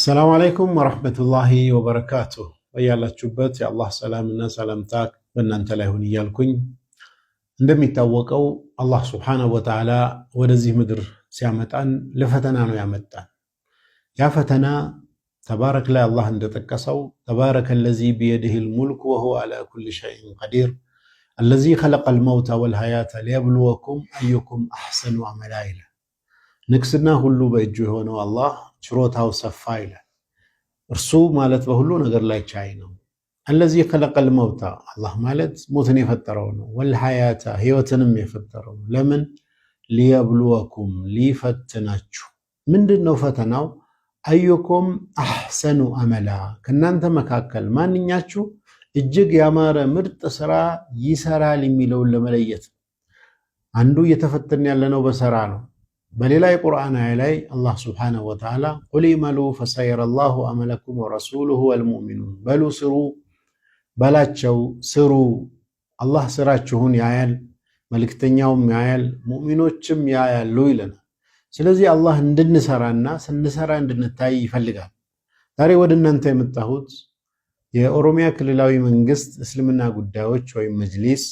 አሰላሙ አለይኩም ወረህመቱላሂ ወበረካቱ። በያላችሁበት የአላህ ሰላምና ሰላምታ በእናንተ ላይ ሁን እያልኩኝ እንደሚታወቀው አላህ ስብሓነሁ ወተዓላ ወደዚህ ምድር ሲያመጣን ለፈተና ነው ያመጣን። ያ ፈተና ተባረክ ላይ አላህ እንደጠቀሰው ተባረከ ለዚ ቢየድሂል ሙልክ ወሁወ ዓላ ኩሊ ሸይን ቀዲር አለዚ ኸለቀል መውተ ወልሐያተ ሊየብልወኩም አዩኩም አሕሰኑ አመላ ይላል። ንግስና ሁሉ በእጁ የሆነው አላህ ችሮታው ሰፋ ይላል። እርሱ ማለት በሁሉ ነገር ላይ ቻይ ነው። አለዚ ከለቀል መውታ አላህ ማለት ሞትን የፈጠረው ነው። ወልሐያታ ህይወትንም የፈጠረው ነው። ለምን ሊየብሉወኩም ሊፈትናችሁ። ምንድን ነው ፈተናው? አዩኩም አሕሰኑ አመላ ከእናንተ መካከል ማንኛችሁ እጅግ ያማረ ምርጥ ስራ ይሰራል የሚለውን ለመለየት አንዱ እየተፈተን ያለነው በሰራ ነው። በሌላ የቁርአን አያ ላይ አላህ ስብሓነሁ ወተዓላ ቁል ኢዕመሉ ፈሰየረ ላሁ አመለኩም ወረሱሉሁ ወልሙእሚኑን በሉ ስሩ በላቸው ስሩ አላህ ስራችሁን ያያል መልክተኛውም ያያል ሙእሚኖችም ያያሉ ይለናል ስለዚህ አላህ እንድንሰራና ስንሰራ እንድንታይ ይፈልጋል ዛሬ ወደ እናንተ የመጣሁት የኦሮሚያ ክልላዊ መንግስት እስልምና ጉዳዮች ወይም መጅሊስ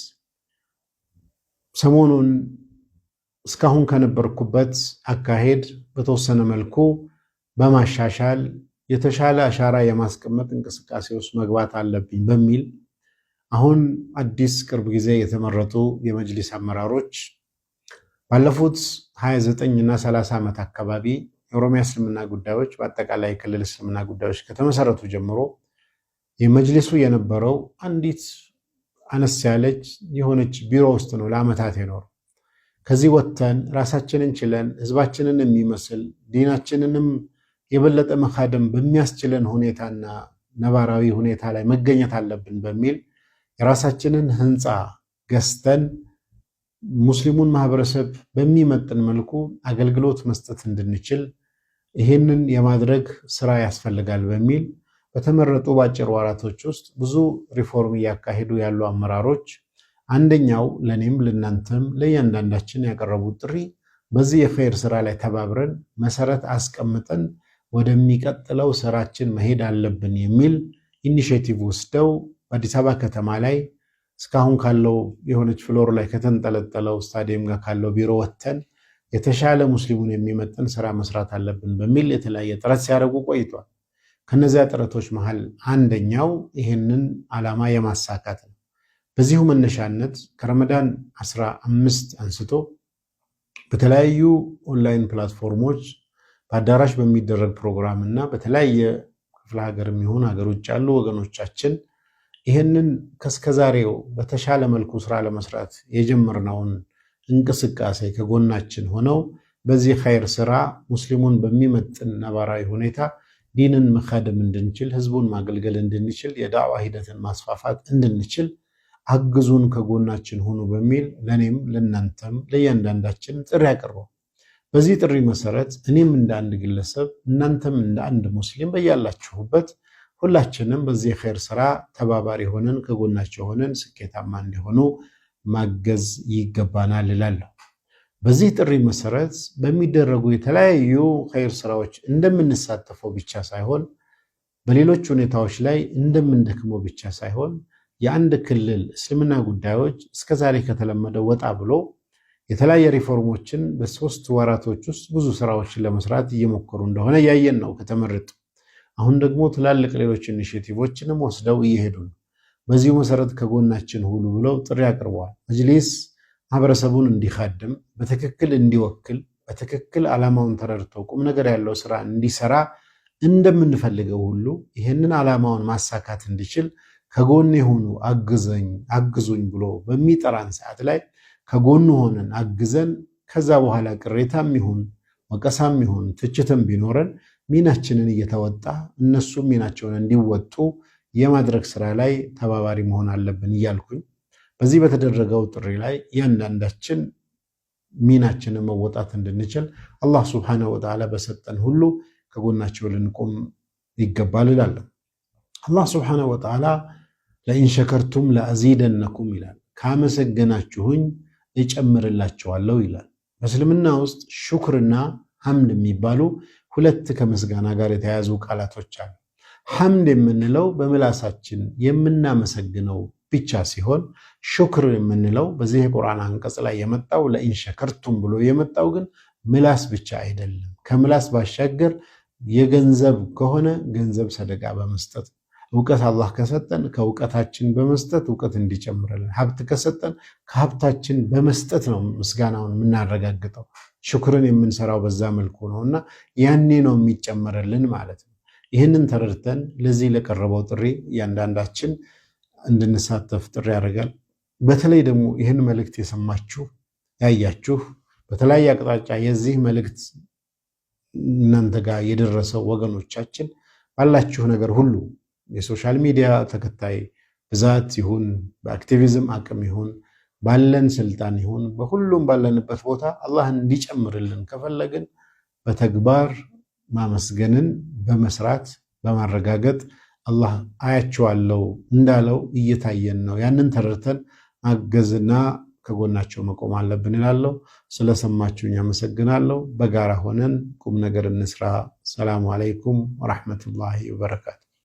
ሰሞኑን እስካሁን ከነበርኩበት አካሄድ በተወሰነ መልኩ በማሻሻል የተሻለ አሻራ የማስቀመጥ እንቅስቃሴ ውስጥ መግባት አለብኝ በሚል አሁን አዲስ ቅርብ ጊዜ የተመረጡ የመጅሊስ አመራሮች ባለፉት 29 እና 30 ዓመት አካባቢ የኦሮሚያ እስልምና ጉዳዮች በአጠቃላይ ክልል እስልምና ጉዳዮች ከተመሰረቱ ጀምሮ የመጅሊሱ የነበረው አንዲት አነስ ያለች የሆነች ቢሮ ውስጥ ነው ለአመታት የኖረው። ከዚህ ወጥተን ራሳችንን ችለን ህዝባችንን የሚመስል ዲናችንንም የበለጠ መካደም በሚያስችለን ሁኔታና ነባራዊ ሁኔታ ላይ መገኘት አለብን በሚል የራሳችንን ህንፃ ገዝተን ሙስሊሙን ማህበረሰብ በሚመጥን መልኩ አገልግሎት መስጠት እንድንችል ይህንን የማድረግ ስራ ያስፈልጋል በሚል በተመረጡ በአጭር ወራቶች ውስጥ ብዙ ሪፎርም እያካሄዱ ያሉ አመራሮች አንደኛው ለእኔም ለናንተም ለእያንዳንዳችን ያቀረቡት ጥሪ በዚህ የኸይር ስራ ላይ ተባብረን መሰረት አስቀምጠን ወደሚቀጥለው ስራችን መሄድ አለብን የሚል ኢኒሽቲቭ ወስደው በአዲስ አበባ ከተማ ላይ እስካሁን ካለው የሆነች ፍሎር ላይ ከተንጠለጠለው ስታዲየም ጋር ካለው ቢሮ ወጥተን የተሻለ ሙስሊሙን የሚመጥን ስራ መስራት አለብን በሚል የተለያየ ጥረት ሲያደርጉ ቆይቷል። ከነዚያ ጥረቶች መሃል አንደኛው ይህንን ዓላማ የማሳካት ነው። በዚሁ መነሻነት ከረመዳን 15 አንስቶ በተለያዩ ኦንላይን ፕላትፎርሞች በአዳራሽ በሚደረግ ፕሮግራም እና በተለያየ ክፍለ ሀገር የሚሆን ሀገር ውጭ ያሉ ወገኖቻችን ይህንን ከስከዛሬው በተሻለ መልኩ ስራ ለመስራት የጀመርነውን እንቅስቃሴ ከጎናችን ሆነው በዚህ ኸይር ስራ ሙስሊሙን በሚመጥን ነባራዊ ሁኔታ ዲንን መካደም እንድንችል፣ ህዝቡን ማገልገል እንድንችል፣ የዳዕዋ ሂደትን ማስፋፋት እንድንችል አግዙን፣ ከጎናችን ሁኑ በሚል ለእኔም ለእናንተም ለእያንዳንዳችን ጥሪ አቅርበው በዚህ ጥሪ መሰረት እኔም እንደ አንድ ግለሰብ እናንተም እንደ አንድ ሙስሊም በያላችሁበት ሁላችንም በዚህ የኸይር ስራ ተባባሪ ሆነን ከጎናቸው ሆነን ስኬታማ እንዲሆኑ ማገዝ ይገባናል እላለሁ። በዚህ ጥሪ መሰረት በሚደረጉ የተለያዩ ኸይር ስራዎች እንደምንሳተፈው ብቻ ሳይሆን በሌሎች ሁኔታዎች ላይ እንደምንደክመው ብቻ ሳይሆን የአንድ ክልል እስልምና ጉዳዮች እስከዛሬ ከተለመደ ወጣ ብሎ የተለያየ ሪፎርሞችን በሶስት ወራቶች ውስጥ ብዙ ስራዎችን ለመስራት እየሞከሩ እንደሆነ ያየን ነው ከተመረጡ። አሁን ደግሞ ትላልቅ ሌሎች ኢኒሽቲቮችንም ወስደው እየሄዱ ነው። በዚሁ መሰረት ከጎናችን ሁሉ ብለው ጥሪ አቅርበዋል። መጅሊስ ማህበረሰቡን እንዲካድም በትክክል እንዲወክል በትክክል ዓላማውን ተረድቶ ቁም ነገር ያለው ስራ እንዲሰራ እንደምንፈልገው ሁሉ ይህንን ዓላማውን ማሳካት እንዲችል ከጎን የሆኑ አግዘኝ አግዙኝ ብሎ በሚጠራን ሰዓት ላይ ከጎኑ ሆነን አግዘን ከዛ በኋላ ቅሬታም ይሁን ወቀሳም ይሁን ትችትም ቢኖረን ሚናችንን እየተወጣ እነሱም ሚናቸውን እንዲወጡ የማድረግ ስራ ላይ ተባባሪ መሆን አለብን እያልኩኝ በዚህ በተደረገው ጥሪ ላይ እያንዳንዳችን ሚናችንን መወጣት እንድንችል አላህ ሱብሓነሁ ወተዓላ በሰጠን ሁሉ ከጎናቸው ልንቆም ይገባል እላለሁ። አላህ ሱብሓነሁ ወተዓላ ለኢንሸከርቱም ለአዚደነኩም ይላል። ካመሰገናችሁኝ እጨምርላችኋለሁ ይላል። በእስልምና ውስጥ ሹክርና ሐምድ የሚባሉ ሁለት ከምስጋና ጋር የተያያዙ ቃላቶች አሉ። ሐምድ የምንለው በምላሳችን የምናመሰግነው ብቻ ሲሆን ሹክር የምንለው በዚህ የቁርአን አንቀጽ ላይ የመጣው ለኢንሸከርቱም ብሎ የመጣው ግን ምላስ ብቻ አይደለም። ከምላስ ባሻገር የገንዘብ ከሆነ ገንዘብ ሰደቃ በመስጠት እውቀት አላህ ከሰጠን ከእውቀታችን በመስጠት እውቀት እንዲጨምርልን፣ ሀብት ከሰጠን ከሀብታችን በመስጠት ነው ምስጋናውን የምናረጋግጠው። ሽኩርን የምንሰራው በዛ መልኩ ነው እና ያኔ ነው የሚጨመርልን ማለት ነው። ይህንን ተረድተን ለዚህ ለቀረበው ጥሪ እያንዳንዳችን እንድንሳተፍ ጥሪ ያደርጋል። በተለይ ደግሞ ይህን መልእክት የሰማችሁ ያያችሁ፣ በተለያየ አቅጣጫ የዚህ መልእክት እናንተ ጋር የደረሰው ወገኖቻችን ባላችሁ ነገር ሁሉ የሶሻል ሚዲያ ተከታይ ብዛት ይሁን በአክቲቪዝም አቅም ይሁን ባለን ስልጣን ይሁን በሁሉም ባለንበት ቦታ አላህን እንዲጨምርልን ከፈለግን በተግባር ማመስገንን በመስራት በማረጋገጥ አላህ አያቸዋለው እንዳለው እየታየን ነው። ያንን ተረድተን ማገዝና ከጎናቸው መቆም አለብን እላለሁ። ስለሰማችሁኝ አመሰግናለሁ። በጋራ ሆነን ቁም ነገር እንስራ። ሰላሙ አለይኩም ወራህመቱላሂ ወበረካቱ።